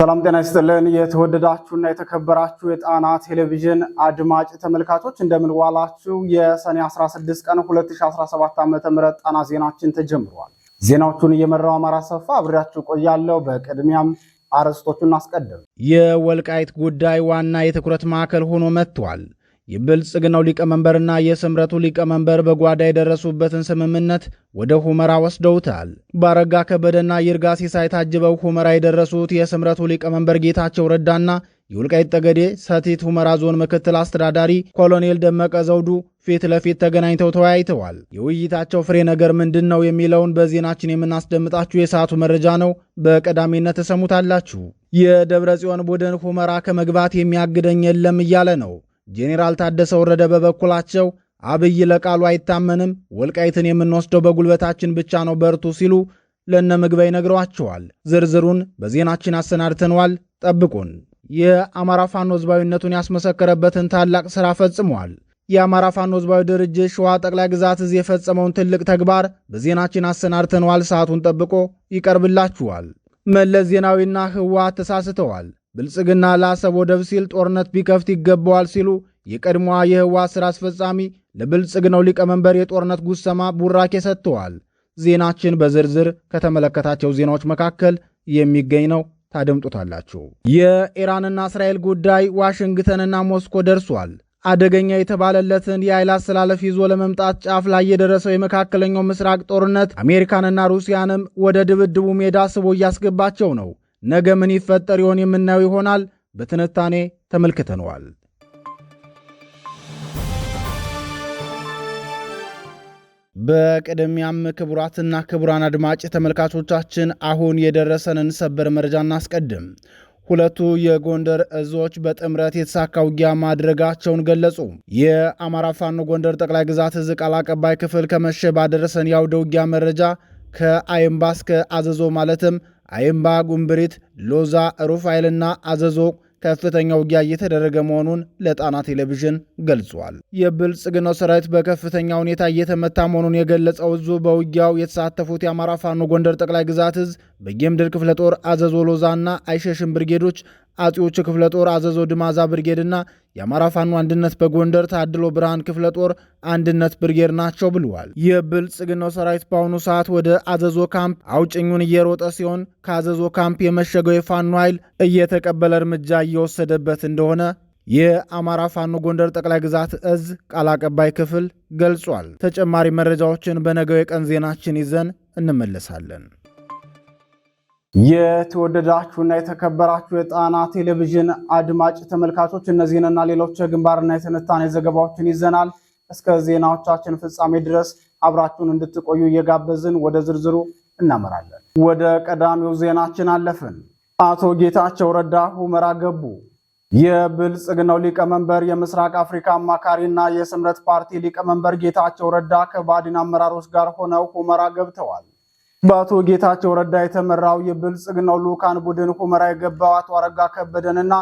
ሰላም ጤና ይስጥልን። የተወደዳችሁና የተከበራችሁ የጣና ቴሌቪዥን አድማጭ ተመልካቾች እንደምንዋላችሁ። የሰኔ 16 ቀን 2017 ዓ.ም ጣና ዜናችን ተጀምሯል። ዜናዎቹን እየመራው አማራ ሰፋ አብሬያችሁ ቆያለሁ። በቅድሚያም አርዕስቶቹን አስቀድም። የወልቃይት ጉዳይ ዋና የትኩረት ማዕከል ሆኖ መጥቷል። የብልጽግናው ሊቀመንበርና የስምረቱ ሊቀመንበር በጓዳ የደረሱበትን ስምምነት ወደ ሁመራ ወስደውታል። ባረጋ ከበደና ይርጋ ሲሳይ ታጅበው ሁመራ የደረሱት የስምረቱ ሊቀመንበር ጌታቸው ረዳና የውልቃይት ጠገዴ ሰቲት ሁመራ ዞን ምክትል አስተዳዳሪ ኮሎኔል ደመቀ ዘውዱ ፊት ለፊት ተገናኝተው ተወያይተዋል። የውይይታቸው ፍሬ ነገር ምንድን ነው የሚለውን በዜናችን የምናስደምጣችሁ የሰዓቱ መረጃ ነው። በቀዳሚነት ተሰሙታላችሁ። የደብረ ጽዮን ቡድን ሁመራ ከመግባት የሚያግደኝ የለም እያለ ነው። ጄኔራል ታደሰ ወረደ በበኩላቸው አብይ ለቃሉ አይታመንም፣ ወልቃይትን የምንወስደው በጉልበታችን ብቻ ነው፣ በርቱ ሲሉ ለነ ምግበ ነግረዋቸዋል። ዝርዝሩን በዜናችን አሰናድተነዋል፣ ጠብቁን። የአማራ ፋኖ ህዝባዊነቱን ያስመሰከረበትን ታላቅ ሥራ ፈጽሟል። የአማራ ፋኖ ህዝባዊ ድርጅት ሸዋ ጠቅላይ ግዛት እዝ የፈጸመውን ትልቅ ተግባር በዜናችን አሰናድተነዋል። ሰዓቱን ጠብቆ ይቀርብላችኋል። መለስ ዜናዊና ህወሓት ተሳስተዋል፣ ብልጽግና ለአሰብ ወደብ ሲል ጦርነት ቢከፍት ይገባዋል ሲሉ የቀድሞዋ የህወሓት ሥራ አስፈጻሚ ለብልጽግናው ሊቀመንበር የጦርነት ጉሰማ ቡራኬ ሰጥተዋል። ዜናችን በዝርዝር ከተመለከታቸው ዜናዎች መካከል የሚገኝ ነው። ታደምጡታላችሁ። የኢራንና እስራኤል ጉዳይ ዋሽንግተንና ሞስኮ ደርሷል። አደገኛ የተባለለትን የኃይል አስተላለፍ ይዞ ለመምጣት ጫፍ ላይ የደረሰው የመካከለኛው ምስራቅ ጦርነት አሜሪካንና ሩሲያንም ወደ ድብድቡ ሜዳ ስቦ እያስገባቸው ነው። ነገ ምን ይፈጠር ይሆን የምናየው ይሆናል። በትንታኔ ተመልክተነዋል። በቅድሚያም ክቡራትና ክቡራን አድማጭ ተመልካቾቻችን አሁን የደረሰንን ሰበር መረጃ እናስቀድም። ሁለቱ የጎንደር እዞች በጥምረት የተሳካ ውጊያ ማድረጋቸውን ገለጹ። የአማራ ፋኖ ጎንደር ጠቅላይ ግዛት እዝ ቃል አቀባይ ክፍል ከመሸ ባደረሰን የአውደ ውጊያ መረጃ ከአይምባ እስከ አዘዞ ማለትም አይምባ፣ ጉንብሪት፣ ሎዛ፣ ሩፋኤልና አዘዞ ከፍተኛ ውጊያ እየተደረገ መሆኑን ለጣና ቴሌቪዥን ገልጿል። የብልጽግናው ሰራዊት በከፍተኛ ሁኔታ እየተመታ መሆኑን የገለጸው እዙ በውጊያው የተሳተፉት የአማራ ፋኖ ጎንደር ጠቅላይ ግዛት እዝ በጌምድር ክፍለ ጦር አዘዞ ሎዛና አይሸሽን ብርጌዶች አጼዎቹ ክፍለ ጦር አዘዞ ድማዛ ብርጌድና የአማራ ፋኑ አንድነት በጎንደር ታድሎ ብርሃን ክፍለ ጦር አንድነት ብርጌድ ናቸው ብለዋል። የብልጽግናው ሰራዊት በአሁኑ ሰዓት ወደ አዘዞ ካምፕ አውጭኙን እየሮጠ ሲሆን ከአዘዞ ካምፕ የመሸገው የፋኖ ኃይል እየተቀበለ እርምጃ እየወሰደበት እንደሆነ የአማራ ፋኖ ጎንደር ጠቅላይ ግዛት እዝ ቃል አቀባይ ክፍል ገልጿል። ተጨማሪ መረጃዎችን በነገው የቀን ዜናችን ይዘን እንመለሳለን። እና የተከበራችሁ የጣና ቴሌቪዥን አድማጭ ተመልካቾች እነዚህንና ሌሎች የግንባርና የትንታኔ ዘገባዎችን ይዘናል። እስከ ዜናዎቻችን ፍጻሜ ድረስ አብራችሁን እንድትቆዩ እየጋበዝን ወደ ዝርዝሩ እናመራለን። ወደ ቀዳሚው ዜናችን አለፍን። አቶ ጌታቸው ረዳ ሁመራ ገቡ። የብልጽግናው ሊቀመንበር የምስራቅ አፍሪካ አማካሪና የስምረት ፓርቲ ሊቀመንበር ጌታቸው ረዳ ከባድን አመራሮች ጋር ሆነው ሁመራ ገብተዋል። በአቶ ጌታቸው ረዳ የተመራው የብልጽግናው ልዑካን ቡድን ሁመራ የገባው አቶ አረጋ ከበደንና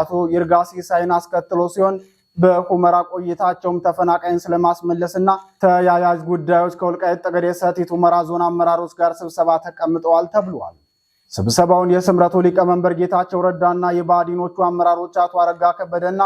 አቶ ይርጋ ሲሳይን አስከትሎ ሲሆን በሁመራ ቆይታቸውም ተፈናቃይን ስለማስመለስና ተያያዥ ጉዳዮች ከወልቃይት ጠገዴ ሰቲት ሁመራ ዞን አመራሮች ጋር ስብሰባ ተቀምጠዋል ተብሏል። ስብሰባውን የስምረቱ ሊቀመንበር ጌታቸው ረዳና የባዲኖቹ አመራሮች አቶ አረጋ ከበደና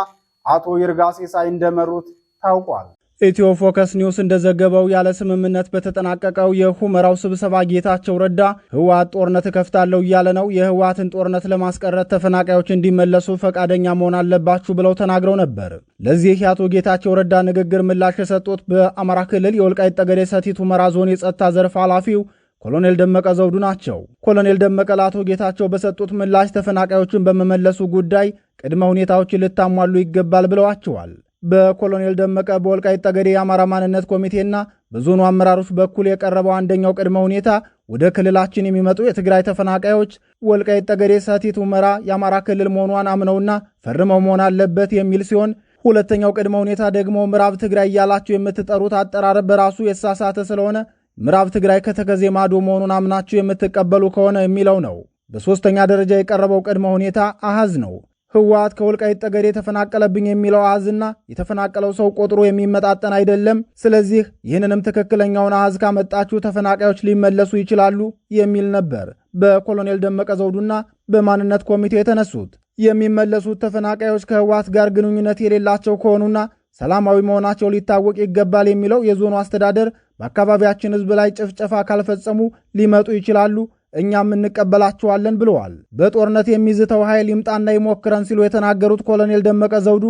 አቶ ይርጋ ሲሳይ እንደመሩት ታውቋል። ኢትዮ ፎከስ ኒውስ እንደዘገበው ያለ ስምምነት በተጠናቀቀው የሁመራው ስብሰባ ጌታቸው ረዳ ህወሓት ጦርነት እከፍታለሁ እያለ ነው፣ የህወሓትን ጦርነት ለማስቀረት ተፈናቃዮች እንዲመለሱ ፈቃደኛ መሆን አለባችሁ ብለው ተናግረው ነበር። ለዚህ የአቶ ጌታቸው ረዳ ንግግር ምላሽ የሰጡት በአማራ ክልል የወልቃይት ጠገዴ ሰቲት ሁመራ ዞን የጸጥታ ዘርፍ ኃላፊው ኮሎኔል ደመቀ ዘውዱ ናቸው። ኮሎኔል ደመቀ ለአቶ ጌታቸው በሰጡት ምላሽ ተፈናቃዮችን በመመለሱ ጉዳይ ቅድመ ሁኔታዎች ልታሟሉ ይገባል ብለዋቸዋል። በኮሎኔል ደመቀ በወልቃይት ጠገዴ የአማራ ማንነት ኮሚቴና በዞኑ አመራሮች በኩል የቀረበው አንደኛው ቅድመ ሁኔታ ወደ ክልላችን የሚመጡ የትግራይ ተፈናቃዮች ወልቃይት ጠገዴ፣ ሰቲት ሁመራ የአማራ ክልል መሆኗን አምነውና ፈርመው መሆን አለበት የሚል ሲሆን ሁለተኛው ቅድመ ሁኔታ ደግሞ ምዕራብ ትግራይ እያላችሁ የምትጠሩት አጠራረብ በራሱ የተሳሳተ ስለሆነ ምዕራብ ትግራይ ከተከዜ ማዶ መሆኑን አምናችሁ የምትቀበሉ ከሆነ የሚለው ነው። በሦስተኛ ደረጃ የቀረበው ቅድመ ሁኔታ አሃዝ ነው። ህወሓት ከወልቃይት ጠገዴ የተፈናቀለብኝ የሚለው አሃዝና የተፈናቀለው ሰው ቆጥሮ የሚመጣጠን አይደለም። ስለዚህ ይህንንም ትክክለኛውን አሃዝ ካመጣችሁ ተፈናቃዮች ሊመለሱ ይችላሉ የሚል ነበር በኮሎኔል ደመቀ ዘውዱና በማንነት ኮሚቴ የተነሱት። የሚመለሱት ተፈናቃዮች ከህወሓት ጋር ግንኙነት የሌላቸው ከሆኑና ሰላማዊ መሆናቸው ሊታወቅ ይገባል የሚለው የዞኑ አስተዳደር በአካባቢያችን ህዝብ ላይ ጭፍጨፋ ካልፈጸሙ ሊመጡ ይችላሉ እኛም እንቀበላችኋለን ብለዋል። በጦርነት የሚዝተው ኃይል ይምጣና ይሞክረን ሲሉ የተናገሩት ኮሎኔል ደመቀ ዘውዱ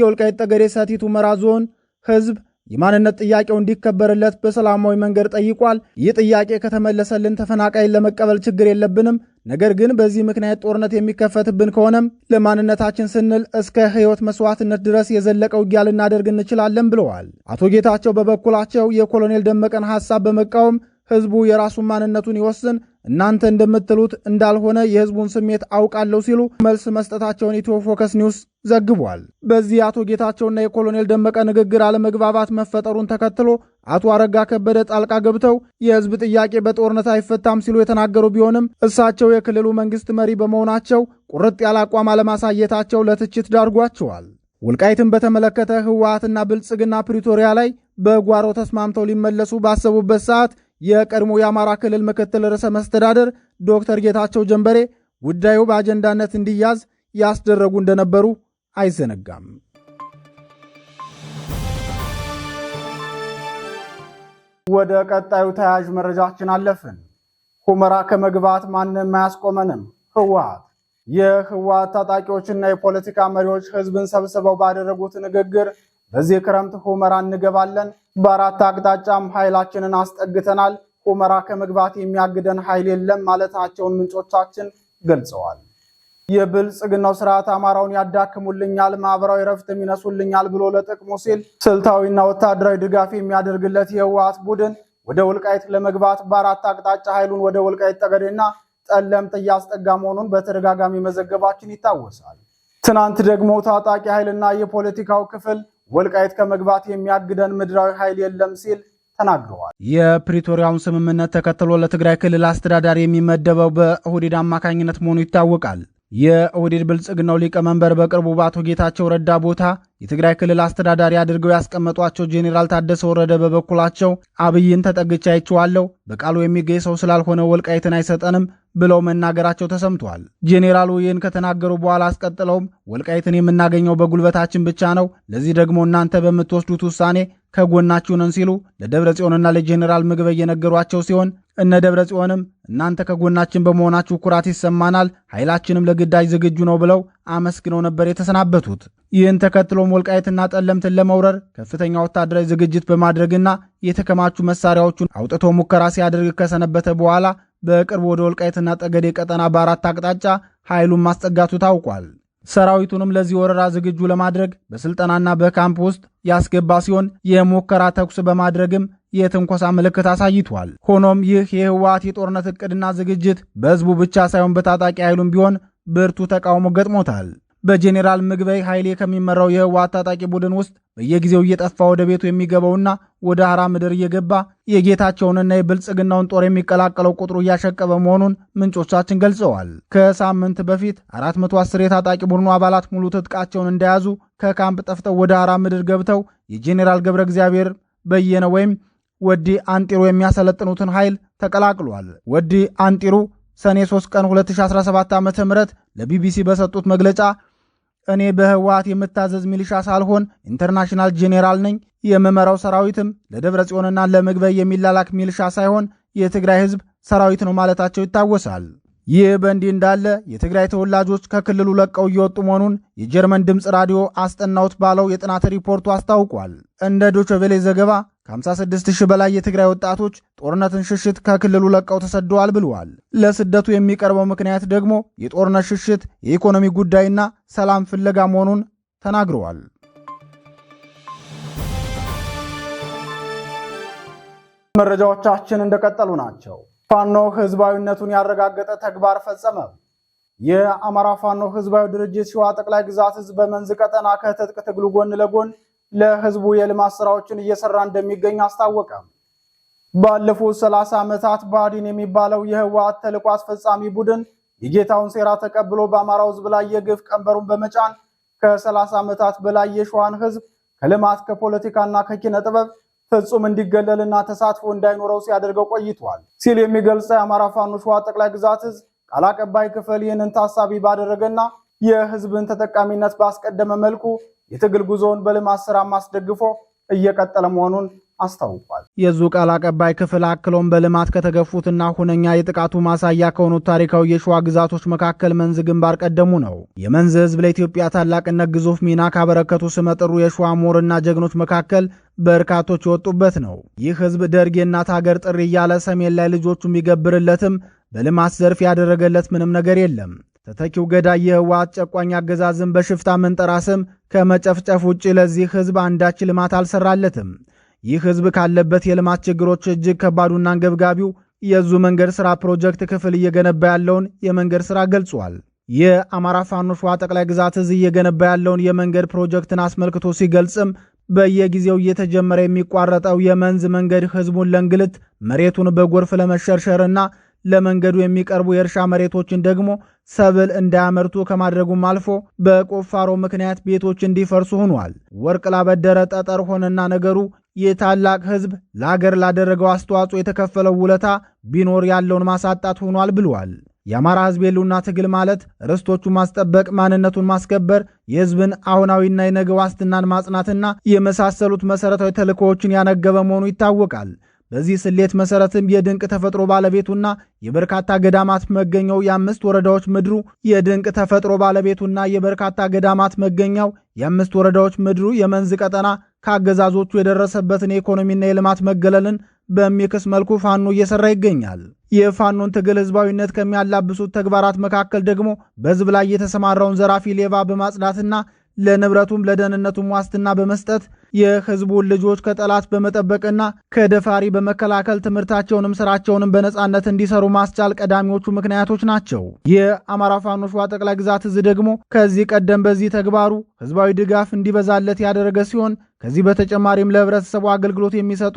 የወልቃይት ጠገዴ ሰቲት ሁመራ ዞን ህዝብ የማንነት ጥያቄው እንዲከበርለት በሰላማዊ መንገድ ጠይቋል። ይህ ጥያቄ ከተመለሰልን ተፈናቃይን ለመቀበል ችግር የለብንም። ነገር ግን በዚህ ምክንያት ጦርነት የሚከፈትብን ከሆነም ለማንነታችን ስንል እስከ ህይወት መስዋዕትነት ድረስ የዘለቀ ውጊያ ልናደርግ እንችላለን ብለዋል። አቶ ጌታቸው በበኩላቸው የኮሎኔል ደመቀን ሐሳብ በመቃወም ህዝቡ የራሱን ማንነቱን ይወስን እናንተ እንደምትሉት እንዳልሆነ የህዝቡን ስሜት አውቃለሁ ሲሉ መልስ መስጠታቸውን ኢትዮ ፎከስ ኒውስ ዘግቧል። በዚህ አቶ ጌታቸውና የኮሎኔል ደመቀ ንግግር አለመግባባት መፈጠሩን ተከትሎ አቶ አረጋ ከበደ ጣልቃ ገብተው የህዝብ ጥያቄ በጦርነት አይፈታም ሲሉ የተናገሩ ቢሆንም እሳቸው የክልሉ መንግስት መሪ በመሆናቸው ቁርጥ ያለ አቋም አለማሳየታቸው ለትችት ዳርጓቸዋል። ውልቃይትን በተመለከተ ህወሓትና ብልጽግና ፕሪቶሪያ ላይ በጓሮ ተስማምተው ሊመለሱ ባሰቡበት ሰዓት የቀድሞ የአማራ ክልል ምክትል ርዕሰ መስተዳደር ዶክተር ጌታቸው ጀንበሬ ጉዳዩ በአጀንዳነት እንዲያዝ ያስደረጉ እንደነበሩ አይዘነጋም። ወደ ቀጣዩ ተያያዥ መረጃችን አለፍን። ሁመራ ከመግባት ማንም አያስቆመንም። ህወሓት የህወሓት ታጣቂዎችና የፖለቲካ መሪዎች ህዝብን ሰብስበው ባደረጉት ንግግር በዚህ ክረምት ሁመራ እንገባለን። በአራት አቅጣጫም ኃይላችንን አስጠግተናል። ሁመራ ከመግባት የሚያግደን ኃይል የለም ማለታቸውን ምንጮቻችን ገልጸዋል። የብልጽግናው ስርዓት አማራውን ያዳክሙልኛል፣ ማህበራዊ ረፍትም ይነሱልኛል ብሎ ለጥቅሙ ሲል ስልታዊና ወታደራዊ ድጋፍ የሚያደርግለት የህወሓት ቡድን ወደ ወልቃይት ለመግባት በአራት አቅጣጫ ኃይሉን ወደ ወልቃይት ጠገዴና ጠለምት እያስጠጋ መሆኑን በተደጋጋሚ መዘገባችን ይታወሳል። ትናንት ደግሞ ታጣቂ ኃይልና የፖለቲካው ክፍል ወልቃይት ከመግባት የሚያግደን ምድራዊ ኃይል የለም ሲል ተናግረዋል። የፕሪቶሪያውን ስምምነት ተከትሎ ለትግራይ ክልል አስተዳዳሪ የሚመደበው በኦህዴድ አማካኝነት መሆኑ ይታወቃል። የኦህዴድ ብልጽግናው ሊቀመንበር በቅርቡ በአቶ ጌታቸው ረዳ ቦታ የትግራይ ክልል አስተዳዳሪ አድርገው ያስቀመጧቸው ጄኔራል ታደሰ ወረደ በበኩላቸው አብይን ተጠግቻ አይችዋለሁ፣ በቃሉ የሚገኝ ሰው ስላልሆነ ወልቃይትን አይሰጠንም ብለው መናገራቸው ተሰምቷል። ጄኔራሉ ይህን ከተናገሩ በኋላ አስቀጥለውም ወልቃይትን የምናገኘው በጉልበታችን ብቻ ነው፣ ለዚህ ደግሞ እናንተ በምትወስዱት ውሳኔ ከጎናችሁ ነን ሲሉ ለደብረ ጽዮንና ለጄኔራል ምግበይ የነገሯቸው ሲሆን እነ ደብረ ጽዮንም እናንተ ከጎናችን በመሆናችሁ ኩራት ይሰማናል፣ ኃይላችንም ለግዳጅ ዝግጁ ነው ብለው አመስግነው ነበር የተሰናበቱት። ይህን ተከትሎም ወልቃይትና ጠለምትን ለመውረር ከፍተኛ ወታደራዊ ዝግጅት በማድረግና የተከማቹ መሳሪያዎቹን አውጥቶ ሙከራ ሲያደርግ ከሰነበተ በኋላ በቅርብ ወደ ወልቃየትና ጠገዴ ቀጠና በአራት አቅጣጫ ኃይሉን ማስጠጋቱ ታውቋል። ሰራዊቱንም ለዚህ ወረራ ዝግጁ ለማድረግ በስልጠናና በካምፕ ውስጥ ያስገባ ሲሆን የሙከራ ተኩስ በማድረግም የትንኮሳ ምልክት አሳይቷል። ሆኖም ይህ የህወሓት የጦርነት እቅድና ዝግጅት በህዝቡ ብቻ ሳይሆን በታጣቂ ኃይሉም ቢሆን ብርቱ ተቃውሞ ገጥሞታል። በጄኔራል ምግበይ ኃይሌ ከሚመራው የህወሓት ታጣቂ ቡድን ውስጥ በየጊዜው እየጠፋ ወደ ቤቱ የሚገባውና ወደ አራ ምድር እየገባ የጌታቸውንና የብልጽግናውን ጦር የሚቀላቀለው ቁጥሩ እያሸቀበ መሆኑን ምንጮቻችን ገልጸዋል። ከሳምንት በፊት 410 የታጣቂ ቡድኑ አባላት ሙሉ ትጥቃቸውን እንደያዙ ከካምፕ ጠፍተው ወደ አራ ምድር ገብተው የጄኔራል ገብረ እግዚአብሔር በየነ ወይም ወዲ አንጢሩ የሚያሰለጥኑትን ኃይል ተቀላቅሏል። ወዲ አንጢሩ ሰኔ 3 ቀን 2017 ዓ ም ለቢቢሲ በሰጡት መግለጫ እኔ በህወሀት የምታዘዝ ሚሊሻ ሳልሆን ኢንተርናሽናል ጄኔራል ነኝ። የምመራው ሰራዊትም ለደብረ ጽዮንና ለምግበይ የሚላላክ ሚሊሻ ሳይሆን የትግራይ ህዝብ ሰራዊት ነው ማለታቸው ይታወሳል። ይህ በእንዲህ እንዳለ የትግራይ ተወላጆች ከክልሉ ለቀው እየወጡ መሆኑን የጀርመን ድምፅ ራዲዮ አስጠናውት ባለው የጥናት ሪፖርቱ አስታውቋል። እንደ ዶቸቬሌ ዘገባ ከ56 ሺህ በላይ የትግራይ ወጣቶች ጦርነትን ሽሽት ከክልሉ ለቀው ተሰደዋል ብለዋል። ለስደቱ የሚቀርበው ምክንያት ደግሞ የጦርነት ሽሽት፣ የኢኮኖሚ ጉዳይና ሰላም ፍለጋ መሆኑን ተናግረዋል። መረጃዎቻችን እንደቀጠሉ ናቸው። ፋኖ ህዝባዊነቱን ያረጋገጠ ተግባር ፈጸመ። የአማራ ፋኖ ህዝባዊ ድርጅት ሸዋ ጠቅላይ ግዛት ህዝብ በመንዝ ቀጠና ከትጥቅ ትግሉ ጎን ለጎን ለህዝቡ የልማት ስራዎችን እየሰራ እንደሚገኝ አስታወቀ። ባለፉት 30 ዓመታት ብአዴን የሚባለው የህወሓት ተልዕኮ አስፈጻሚ ቡድን የጌታውን ሴራ ተቀብሎ በአማራው ህዝብ ላይ የግፍ ቀንበሩን በመጫን ከ30 ዓመታት በላይ የሸዋን ህዝብ ከልማት ከፖለቲካና ከኪነ ጥበብ ፍጹም እንዲገለልና ተሳትፎ እንዳይኖረው ሲያደርገው ቆይቷል ሲል የሚገልጸው የአማራ ፋኖ ሸዋ ጠቅላይ ግዛት ህዝብ ቃል አቀባይ ክፍል ይህንን ታሳቢ ባደረገና የህዝብን ተጠቃሚነት ባስቀደመ መልኩ የትግል ጉዞውን በልማት ስራም አስደግፎ እየቀጠለ መሆኑን አስታውቋል። የዙ ቃል አቀባይ ክፍል አክሎም በልማት ከተገፉትና ሁነኛ የጥቃቱ ማሳያ ከሆኑት ታሪካዊ የሸዋ ግዛቶች መካከል መንዝ ግንባር ቀደሙ ነው። የመንዝ ህዝብ ለኢትዮጵያ ታላቅነት ግዙፍ ሚና ካበረከቱ ስመጥሩ የሸዋ ሞርና ጀግኖች መካከል በርካቶች የወጡበት ነው። ይህ ህዝብ ደርግ የእናት ሀገር ጥሪ እያለ ሰሜን ላይ ልጆቹ ቢገብርለትም በልማት ዘርፍ ያደረገለት ምንም ነገር የለም። ተተኪው ገዳይ የህወሓት ጨቋኝ አገዛዝን በሽፍታ መንጠራ ስም ከመጨፍጨፍ ውጭ ለዚህ ህዝብ አንዳች ልማት አልሰራለትም። ይህ ህዝብ ካለበት የልማት ችግሮች እጅግ ከባዱና አንገብጋቢው የዙ መንገድ ሥራ ፕሮጀክት ክፍል እየገነባ ያለውን የመንገድ ሥራ ገልጿል። የአማራ ፋኖ ሸዋ ጠቅላይ ግዛት እዝ እየገነባ ያለውን የመንገድ ፕሮጀክትን አስመልክቶ ሲገልጽም በየጊዜው እየተጀመረ የሚቋረጠው የመንዝ መንገድ ህዝቡን ለእንግልት፣ መሬቱን በጎርፍ ለመሸርሸርና ለመንገዱ የሚቀርቡ የእርሻ መሬቶችን ደግሞ ሰብል እንዳያመርቱ ከማድረጉም አልፎ በቁፋሮ ምክንያት ቤቶች እንዲፈርሱ ሆኗል። ወርቅ ላበደረ ጠጠር ሆነና ነገሩ የታላቅ ሕዝብ ለአገር ላደረገው አስተዋጽኦ የተከፈለው ውለታ ቢኖር ያለውን ማሳጣት ሆኗል ብሏል። የአማራ ሕዝብ የሉና ትግል ማለት ርስቶቹን ማስጠበቅ፣ ማንነቱን ማስከበር፣ የሕዝብን አሁናዊና የነገ ዋስትናን ማጽናትና የመሳሰሉት መሠረታዊ ተልእኮዎችን ያነገበ መሆኑ ይታወቃል። በዚህ ስሌት መሰረትም የድንቅ ተፈጥሮ ባለቤቱና የበርካታ ገዳማት መገኘው የአምስት ወረዳዎች ምድሩ የድንቅ ተፈጥሮ ባለቤቱና የበርካታ ገዳማት መገኘው የአምስት ወረዳዎች ምድሩ የመንዝ ቀጠና ከአገዛዞቹ የደረሰበትን የኢኮኖሚና የልማት መገለልን በሚክስ መልኩ ፋኖ እየሰራ ይገኛል። የፋኖን ትግል ህዝባዊነት ከሚያላብሱት ተግባራት መካከል ደግሞ በህዝብ ላይ የተሰማራውን ዘራፊ ሌባ በማጽዳትና ለንብረቱም ለደህንነቱም ዋስትና በመስጠት የህዝቡን ልጆች ከጠላት በመጠበቅና ከደፋሪ በመከላከል ትምህርታቸውንም ስራቸውንም በነጻነት እንዲሰሩ ማስቻል ቀዳሚዎቹ ምክንያቶች ናቸው። የአማራ ፋኖ ሸዋ ጠቅላይ ግዛት እዝ ደግሞ ከዚህ ቀደም በዚህ ተግባሩ ህዝባዊ ድጋፍ እንዲበዛለት ያደረገ ሲሆን ከዚህ በተጨማሪም ለህብረተሰቡ አገልግሎት የሚሰጡ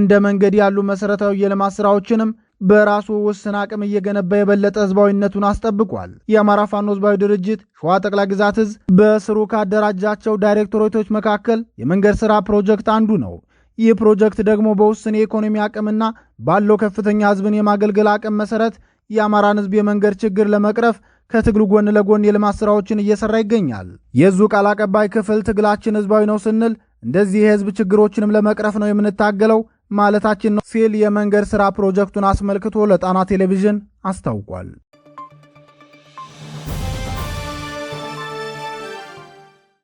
እንደ መንገድ ያሉ መሰረታዊ የልማት ስራዎችንም በራሱ ውስን አቅም እየገነባ የበለጠ ህዝባዊነቱን አስጠብቋል። የአማራ ፋኖ ህዝባዊ ድርጅት ሸዋ ጠቅላይ ግዛት እዝ በስሩ ካደራጃቸው ዳይሬክቶሬቶች መካከል የመንገድ ስራ ፕሮጀክት አንዱ ነው። ይህ ፕሮጀክት ደግሞ በውስን የኢኮኖሚ አቅምና ባለው ከፍተኛ ህዝብን የማገልገል አቅም መሰረት የአማራን ህዝብ የመንገድ ችግር ለመቅረፍ ከትግሉ ጎን ለጎን የልማት ስራዎችን እየሰራ ይገኛል። የዙ ቃል አቀባይ ክፍል ትግላችን ህዝባዊ ነው ስንል እንደዚህ የህዝብ ችግሮችንም ለመቅረፍ ነው የምንታገለው ማለታችን ነው ሲል የመንገድ ሥራ ፕሮጀክቱን አስመልክቶ ለጣና ቴሌቪዥን አስታውቋል።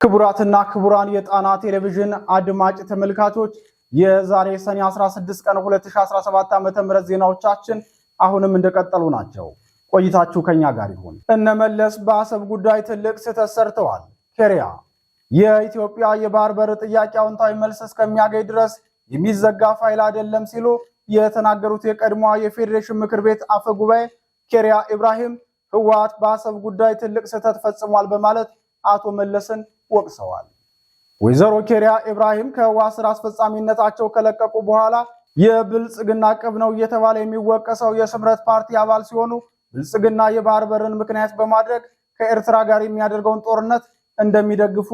ክቡራትና ክቡራን የጣና ቴሌቪዥን አድማጭ ተመልካቾች የዛሬ ሰኔ 16 ቀን 2017 ዓ.ም ዜናዎቻችን አሁንም እንደቀጠሉ ናቸው። ቆይታችሁ ከኛ ጋር ይሁን። እነመለስ በአሰብ ጉዳይ ትልቅ ስህተት ሰርተዋል። ኬሪያ የኢትዮጵያ የባህር በር ጥያቄ አዎንታዊ መልስ እስከሚያገኝ ድረስ የሚዘጋ ፋይል አይደለም ሲሉ የተናገሩት የቀድሞዋ የፌዴሬሽን ምክር ቤት አፈ ጉባኤ ኬሪያ ኢብራሂም ህወሓት በአሰብ ጉዳይ ትልቅ ስህተት ፈጽሟል በማለት አቶ መለስን ወቅሰዋል። ወይዘሮ ኬሪያ ኢብራሂም ከህወሓት ስራ አስፈጻሚነታቸው ከለቀቁ በኋላ የብልጽግና ቅብ ነው እየተባለ የሚወቀሰው የስምረት ፓርቲ አባል ሲሆኑ ብልጽግና የባህር በርን ምክንያት በማድረግ ከኤርትራ ጋር የሚያደርገውን ጦርነት እንደሚደግፉ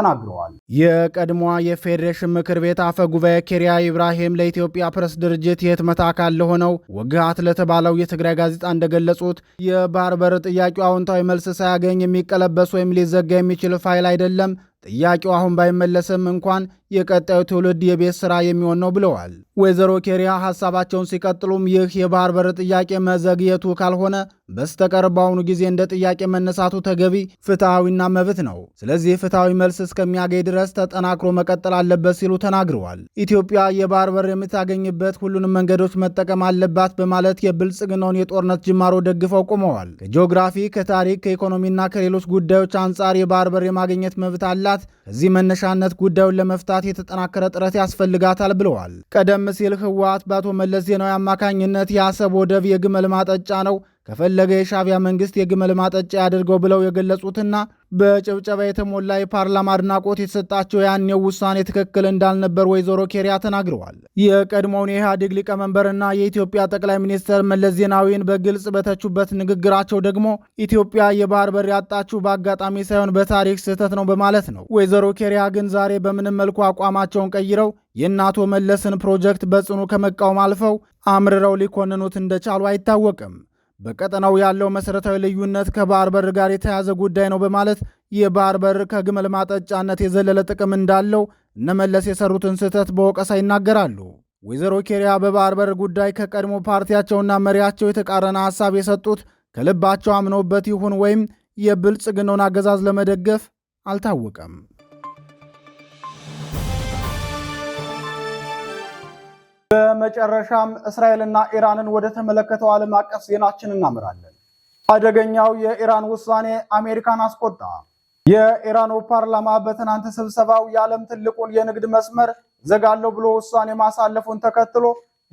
ተናግረዋል። የቀድሞዋ የፌዴሬሽን ምክር ቤት አፈ ጉባኤ ኬሪያ ኢብራሂም ለኢትዮጵያ ፕሬስ ድርጅት የህትመት አካል ለሆነው ወግሃት ለተባለው የትግራይ ጋዜጣ እንደገለጹት የባህር በር ጥያቄው አዎንታዊ መልስ ሳያገኝ የሚቀለበስ ወይም ሊዘጋ የሚችል ፋይል አይደለም። ጥያቄው አሁን ባይመለስም እንኳን የቀጣዩ ትውልድ የቤት ስራ የሚሆን ነው ብለዋል። ወይዘሮ ኬሪያ ሀሳባቸውን ሲቀጥሉም ይህ የባህር በር ጥያቄ መዘግየቱ ካልሆነ በስተቀር በአሁኑ ጊዜ እንደ ጥያቄ መነሳቱ ተገቢ ፍትሐዊና መብት ነው። ስለዚህ ፍትሐዊ መልስ እስከሚያገኝ ድረስ ተጠናክሮ መቀጠል አለበት ሲሉ ተናግረዋል። ኢትዮጵያ የባህር በር የምታገኝበት ሁሉንም መንገዶች መጠቀም አለባት በማለት የብልጽግናውን የጦርነት ጅማሮ ደግፈው ቆመዋል። ከጂኦግራፊ፣ ከታሪክ፣ ከኢኮኖሚና ከሌሎች ጉዳዮች አንጻር የባህር በር የማግኘት መብት አላት። ከዚህ መነሻነት ጉዳዩን ለመፍታት ለማምጣት የተጠናከረ ጥረት ያስፈልጋታል ብለዋል። ቀደም ሲል ህወሓት በአቶ መለስ ዜናዊ አማካኝነት የአሰብ ወደብ የግመል ማጠጫ ነው ከፈለገ የሻቢያ መንግስት የግመል ማጠጫ አድርገው ብለው የገለጹትና በጭብጨባ የተሞላ የፓርላማ አድናቆት የተሰጣቸው ያኔው ውሳኔ ትክክል እንዳልነበር ወይዘሮ ኬሪያ ተናግረዋል። የቀድሞውን የኢህአዴግ ሊቀመንበርና የኢትዮጵያ ጠቅላይ ሚኒስትር መለስ ዜናዊን በግልጽ በተቹበት ንግግራቸው ደግሞ ኢትዮጵያ የባህር በር ያጣችው በአጋጣሚ ሳይሆን በታሪክ ስህተት ነው በማለት ነው። ወይዘሮ ኬሪያ ግን ዛሬ በምንም መልኩ አቋማቸውን ቀይረው የእነ አቶ መለስን ፕሮጀክት በጽኑ ከመቃወም አልፈው አምርረው ሊኮንኑት እንደቻሉ አይታወቅም። በቀጠናው ያለው መሠረታዊ ልዩነት ከባህር በር ጋር የተያዘ ጉዳይ ነው በማለት የባህር በር ከግመል ማጠጫነት የዘለለ ጥቅም እንዳለው እነመለስ የሰሩትን ስህተት በወቀሳ ይናገራሉ። ወይዘሮ ኬሪያ በባህር በር ጉዳይ ከቀድሞ ፓርቲያቸውና መሪያቸው የተቃረነ ሐሳብ የሰጡት ከልባቸው አምኖበት ይሁን ወይም የብልጽግናውን አገዛዝ ለመደገፍ አልታወቀም። በመጨረሻም እስራኤልና ኢራንን ወደ ተመለከተው ዓለም አቀፍ ዜናችን እናምራለን። አደገኛው የኢራን ውሳኔ አሜሪካን አስቆጣ። የኢራኑ ፓርላማ በትናንት ስብሰባው የዓለም ትልቁን የንግድ መስመር ዘጋለው ብሎ ውሳኔ ማሳለፉን ተከትሎ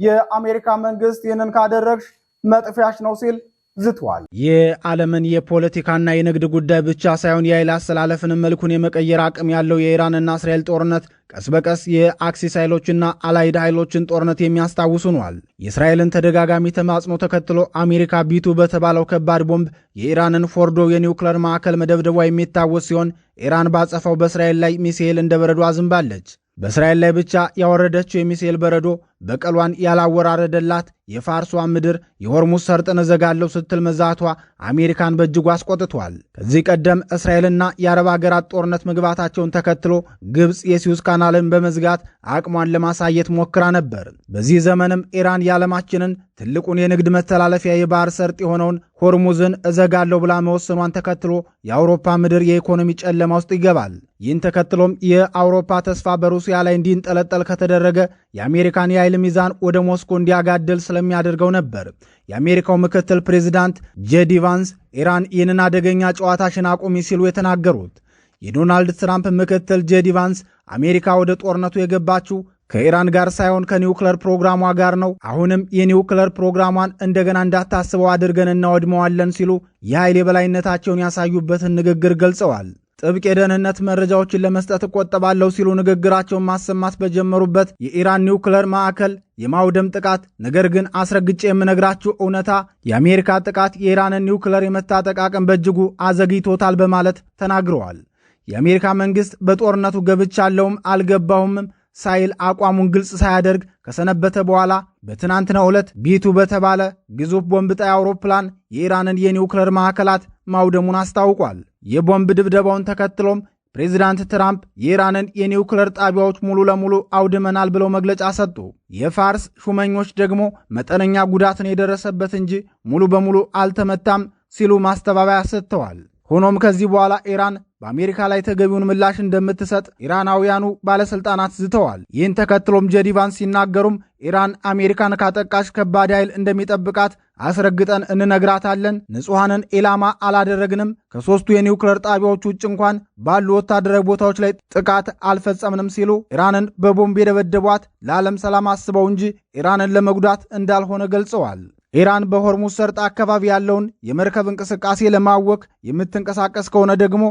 የአሜሪካ መንግስት ይህንን ካደረግሽ መጥፊያሽ ነው ሲል ዝተዋል። የዓለምን የፖለቲካና የንግድ ጉዳይ ብቻ ሳይሆን የኃይል አስተላለፍንም መልኩን የመቀየር አቅም ያለው የኢራንና እስራኤል ጦርነት ቀስ በቀስ የአክሲስ ኃይሎችና አላይድ ኃይሎችን ጦርነት የሚያስታውሱ ነዋል። የእስራኤልን ተደጋጋሚ ተማጽኖ ተከትሎ አሜሪካ ቢቱ በተባለው ከባድ ቦምብ የኢራንን ፎርዶ የኒውክለር ማዕከል መደብደቧ የሚታወስ ሲሆን ኢራን ባጸፋው በእስራኤል ላይ ሚሳኤል እንደ በረዶ አዝንባለች። በእስራኤል ላይ ብቻ ያወረደችው የሚሳኤል በረዶ በቀሏን ያላወራረደላት የፋርሷ ምድር የሆርሙስ ሰርጥን እዘጋለሁ ስትል መዛቷ አሜሪካን በእጅጉ አስቆጥቷል። ከዚህ ቀደም እስራኤልና የአረብ ሀገራት ጦርነት መግባታቸውን ተከትሎ ግብፅ የሲዩዝ ካናልን በመዝጋት አቅሟን ለማሳየት ሞክራ ነበር። በዚህ ዘመንም ኢራን የዓለማችንን ትልቁን የንግድ መተላለፊያ የባህር ሰርጥ የሆነውን ሆርሙዝን እዘጋለሁ ብላ መወሰኗን ተከትሎ የአውሮፓ ምድር የኢኮኖሚ ጨለማ ውስጥ ይገባል። ይህን ተከትሎም የአውሮፓ ተስፋ በሩሲያ ላይ እንዲንጠለጠል ከተደረገ የአሜሪካን የኃይል ሚዛን ወደ ሞስኮ እንዲያጋደል ስለሚያደርገው ነበር። የአሜሪካው ምክትል ፕሬዚዳንት ጄዲ ቫንስ ኢራን ይህንን አደገኛ ጨዋታ ሽናቁሚ ሲሉ የተናገሩት የዶናልድ ትራምፕ ምክትል ጄዲ ቫንስ አሜሪካ ወደ ጦርነቱ የገባችው ከኢራን ጋር ሳይሆን ከኒውክለር ፕሮግራሟ ጋር ነው። አሁንም የኒውክለር ፕሮግራሟን እንደገና እንዳታስበው አድርገን እናወድመዋለን ሲሉ የኃይል የበላይነታቸውን ያሳዩበትን ንግግር ገልጸዋል። ጥብቅ የደህንነት መረጃዎችን ለመስጠት እቆጠባለሁ ሲሉ ንግግራቸውን ማሰማት በጀመሩበት የኢራን ኒውክለር ማዕከል የማውደም ጥቃት ነገር ግን አስረግጬ የምነግራችሁ እውነታ የአሜሪካ ጥቃት የኢራንን ኒውክለር የመታጠቅ አቅም በእጅጉ አዘግይቶታል በማለት ተናግረዋል። የአሜሪካ መንግስት በጦርነቱ ገብቻለሁም አልገባሁምም ሳይል አቋሙን ግልጽ ሳያደርግ ከሰነበተ በኋላ በትናንትናው ዕለት ቢቱ በተባለ ግዙፍ ቦምብ ጣይ አውሮፕላን የኢራንን የኒውክለር ማዕከላት ማውደሙን አስታውቋል። የቦምብ ድብደባውን ተከትሎም ፕሬዚዳንት ትራምፕ የኢራንን የኒውክለር ጣቢያዎች ሙሉ ለሙሉ አውድመናል ብለው መግለጫ ሰጡ። የፋርስ ሹመኞች ደግሞ መጠነኛ ጉዳትን የደረሰበት እንጂ ሙሉ በሙሉ አልተመታም ሲሉ ማስተባበያ ሰጥተዋል። ሆኖም ከዚህ በኋላ ኢራን በአሜሪካ ላይ ተገቢውን ምላሽ እንደምትሰጥ ኢራናውያኑ ባለሥልጣናት ዝተዋል። ይህን ተከትሎም ጀዲቫን ሲናገሩም ኢራን አሜሪካን ካጠቃሽ ከባድ ኃይል እንደሚጠብቃት አስረግጠን እንነግራታለን። ንጹሐንን ኢላማ አላደረግንም። ከሦስቱ የኒውክለር ጣቢያዎች ውጭ እንኳን ባሉ ወታደራዊ ቦታዎች ላይ ጥቃት አልፈጸምንም ሲሉ ኢራንን በቦምብ የደበደቧት ለዓለም ሰላም አስበው እንጂ ኢራንን ለመጉዳት እንዳልሆነ ገልጸዋል። ኢራን በሆርሙዝ ሰርጥ አካባቢ ያለውን የመርከብ እንቅስቃሴ ለማወክ የምትንቀሳቀስ ከሆነ ደግሞ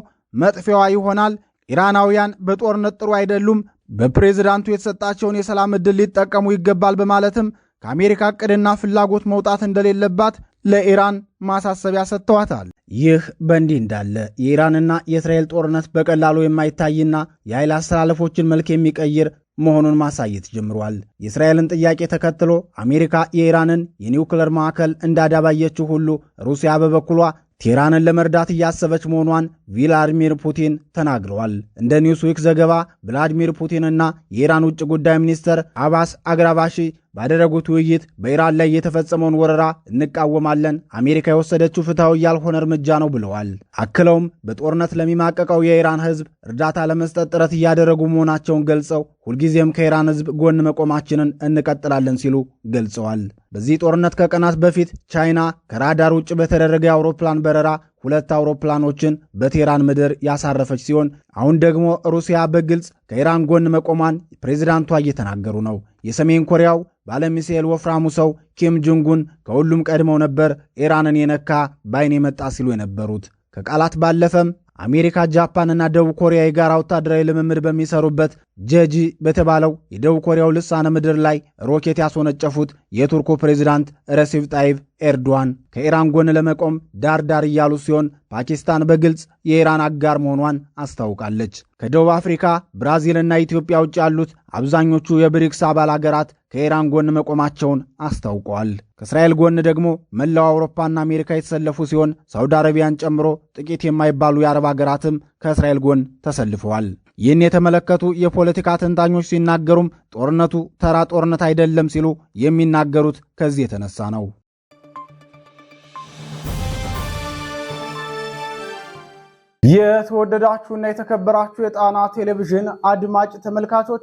መጥፊያዋ ይሆናል። ኢራናውያን በጦርነት ጥሩ አይደሉም፣ በፕሬዝዳንቱ የተሰጣቸውን የሰላም ዕድል ሊጠቀሙ ይገባል በማለትም ከአሜሪካ ዕቅድና ፍላጎት መውጣት እንደሌለባት ለኢራን ማሳሰቢያ ሰጥተዋታል። ይህ በእንዲህ እንዳለ የኢራንና የእስራኤል ጦርነት በቀላሉ የማይታይና የኃይል አስተላለፎችን መልክ የሚቀይር መሆኑን ማሳየት ጀምሯል። የእስራኤልን ጥያቄ ተከትሎ አሜሪካ የኢራንን የኒውክለር ማዕከል እንዳዳባየችው ሁሉ ሩሲያ በበኩሏ ቴህራንን ለመርዳት እያሰበች መሆኗን ቪላዲሚር ፑቲን ተናግረዋል። እንደ ኒውስዊክ ዘገባ ቭላዲሚር ፑቲንና የኢራን ውጭ ጉዳይ ሚኒስትር አባስ አግራባሺ ባደረጉት ውይይት በኢራን ላይ የተፈጸመውን ወረራ እንቃወማለን፣ አሜሪካ የወሰደችው ፍትሐዊ ያልሆነ እርምጃ ነው ብለዋል። አክለውም በጦርነት ለሚማቀቀው የኢራን ሕዝብ እርዳታ ለመስጠት ጥረት እያደረጉ መሆናቸውን ገልጸው ሁልጊዜም ከኢራን ሕዝብ ጎን መቆማችንን እንቀጥላለን ሲሉ ገልጸዋል። በዚህ ጦርነት ከቀናት በፊት ቻይና ከራዳር ውጭ በተደረገ የአውሮፕላን በረራ ሁለት አውሮፕላኖችን በቴህራን ምድር ያሳረፈች ሲሆን አሁን ደግሞ ሩሲያ በግልጽ ከኢራን ጎን መቆሟን ፕሬዚዳንቷ እየተናገሩ ነው። የሰሜን ኮሪያው ባለሚሳኤል ወፍራሙ ሰው ኪም ጁንጉን ከሁሉም ቀድመው ነበር ኢራንን የነካ በአይን የመጣ ሲሉ የነበሩት። ከቃላት ባለፈም አሜሪካ፣ ጃፓንና ደቡብ ኮሪያ የጋራ ወታደራዊ ልምምድ በሚሰሩበት ጄጂ በተባለው የደቡብ ኮሪያው ልሳነ ምድር ላይ ሮኬት ያስወነጨፉት የቱርኩ ፕሬዚዳንት ረሲብ ጣይብ ኤርዶዋን ከኢራን ጎን ለመቆም ዳር ዳር እያሉ ሲሆን ፓኪስታን በግልጽ የኢራን አጋር መሆኗን አስታውቃለች። ከደቡብ አፍሪካ፣ ብራዚልና ኢትዮጵያ ውጭ ያሉት አብዛኞቹ የብሪክስ አባል አገራት ከኢራን ጎን መቆማቸውን አስታውቀዋል። ከእስራኤል ጎን ደግሞ መላው አውሮፓና አሜሪካ የተሰለፉ ሲሆን ሳውዲ አረቢያን ጨምሮ ጥቂት የማይባሉ የአረብ ሀገራትም ከእስራኤል ጎን ተሰልፈዋል። ይህን የተመለከቱ የፖለቲካ ተንታኞች ሲናገሩም ጦርነቱ ተራ ጦርነት አይደለም ሲሉ የሚናገሩት ከዚህ የተነሳ ነው። የተወደዳችሁና የተከበራችሁ የጣና ቴሌቪዥን አድማጭ ተመልካቾች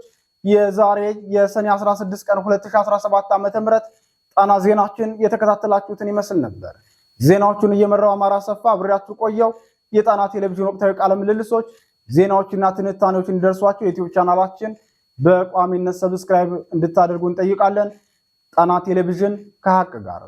የዛሬ የሰኔ 16 ቀን 2017 ዓ.ም ጣና ዜናችን የተከታተላችሁትን ይመስል ነበር። ዜናዎቹን እየመራው አማራ ሰፋ አብሬያችሁ ቆየው። የጣና ቴሌቪዥን ወቅታዊ ቃለ ምልልሶች፣ ዜናዎችና ትንታኔዎች እንዲደርሷቸው የዩቲዩብ ቻናላችን በቋሚነት ሰብስክራይብ እንድታደርጉ እንጠይቃለን። ጣና ቴሌቪዥን ከሀቅ ጋር